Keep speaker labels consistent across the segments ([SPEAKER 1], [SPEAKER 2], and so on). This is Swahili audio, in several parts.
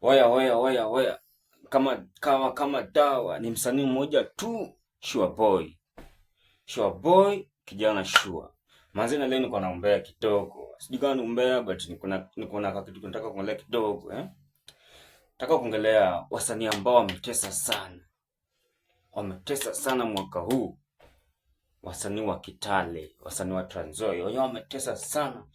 [SPEAKER 1] Waya, waya, waya, waya. Kama kawa kama dawa ni msanii mmoja tu, Sure Boy. Sure Boy kijana Sure. Mazina leo niko naombea kidogo. Sijui kama naombea but niko na niko na kitu nataka kuongelea kidogo eh. Nataka kuongelea wasanii ambao wametesa sana. Wametesa sana mwaka huu wasanii wa Kitale, wasanii wa Trans Nzoia wenyewe wametesa sana.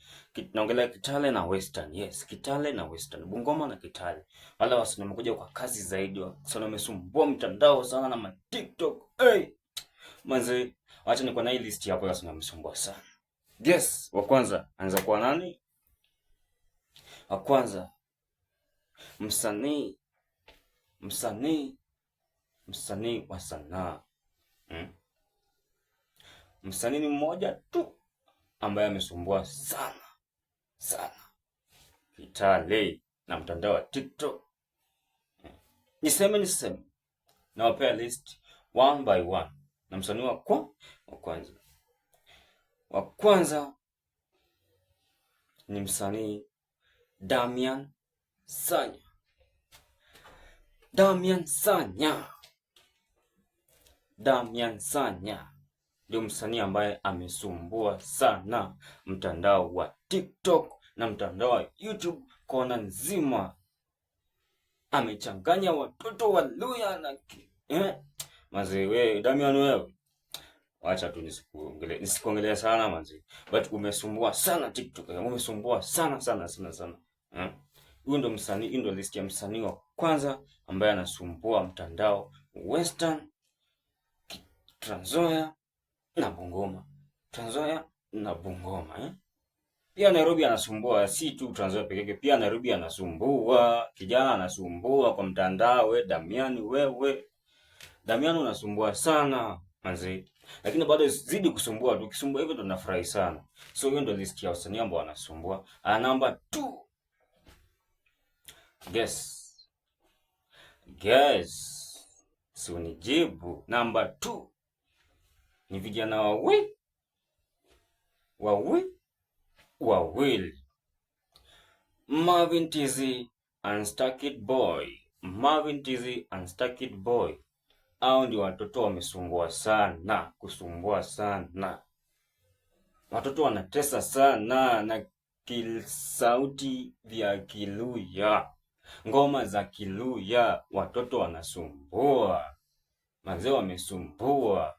[SPEAKER 1] Naongelea Kitale na Western, yes, Kitale na Western, Bungoma na Kitale, wala wasanii wamekuja kwa kazi zaidi, sana wamesumbua mtandao sana na TikTok. Hey! Manze, acha niko na hii list hapo ya wasanii wamesumbua sana. Yes, wa kwanza anza kwa nani? Wa kwanza msanii msanii msanii wa sanaa hmm? msanii mmoja tu ambaye amesumbua sana sana Kitale na mtandao wa TikTok. Niseme niseme, nawapea list one by one, na msanii wa kwa wa kwanza wa kwanza ni msanii Damian Sanya. Damian Sanya, Damian Sanya ndio msanii ambaye amesumbua sana mtandao wa TikTok na mtandao wa YouTube kona nzima, amechanganya watoto wa Luya na eh, mazee we Damian, wewe wacha tu nisikuongelee nisikuongelee sana manzi, but umesumbua sana TikTok, umesumbua sana sana sana sana eh? Huyu ndo msanii, ndo list ya msanii wa kwanza ambaye anasumbua mtandao Western Trans Nzoia na Bungoma, Tanzania na Bungoma eh? Pia Nairobi anasumbua, si tu Tanzania peke yake, pia Nairobi anasumbua, kijana anasumbua kwa mtandao. We Damiani, wewe Damiani unasumbua sana manzi, lakini bado zidi kusumbua tu, kisumbua hivyo ndo nafurahi sana. So hiyo ndo list ya wasanii ambao wanasumbua. Ah, namba 2 guess guess, si unijibu namba 2 ni vijana wawili wawili wawili, Marvin TZ Unstucked Boy, Marvin TZ Unstucked Boy. Hao ndio watoto wamesumbua sana, kusumbua sana, watoto wanatesa sana na kisauti vya Kiluya, ngoma za Kiluya, watoto wanasumbua, mazee wamesumbua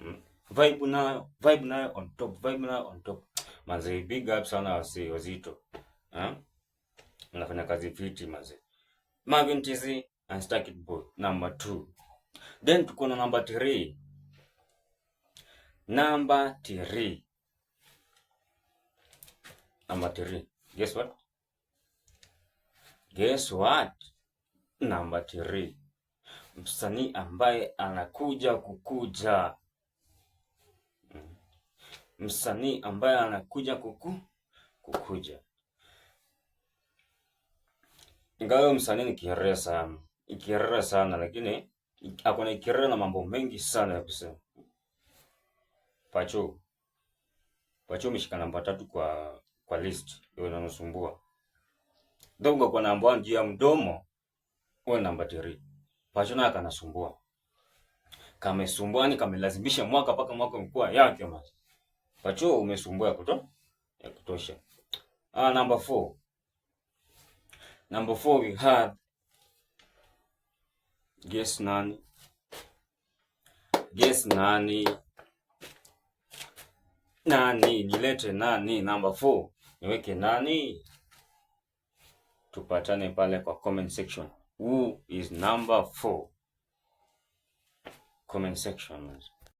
[SPEAKER 1] mm vibe nayo, vibe nayo on top, vibe nayo on top. Manze, big up sana wasi wazito. Eh? Unafanya kazi fiti manze. Marvin TZ and Stack It Boy number 2. Then tuko na number 3. Number 3. Number 3. Guess what? Guess what? Number 3. Msanii ambaye anakuja kukuja msanii ambaye anakuja kuku kukuja ingawa msanii ni kiherea sana, ikiherea sana lakini akona ikiherea na mambo mengi sana ya kusema. Pacho Pacho umeshika namba tatu kwa kwa list hiyo inanosumbua dongo kwa namba juu ya mdomo uwe namba tiri. Pacho naye kanasumbua, kamesumbua ni kamelazimisha mwaka mpaka mwaka mkuu yake mas pacho umesumbua ya kuto ya kutosha. Ah, number 4. Number 4 we have guess nani? Guess nani? Nani nilete nani? Number 4. niweke nani? Tupatane pale kwa comment section. Who is number 4? Comment section.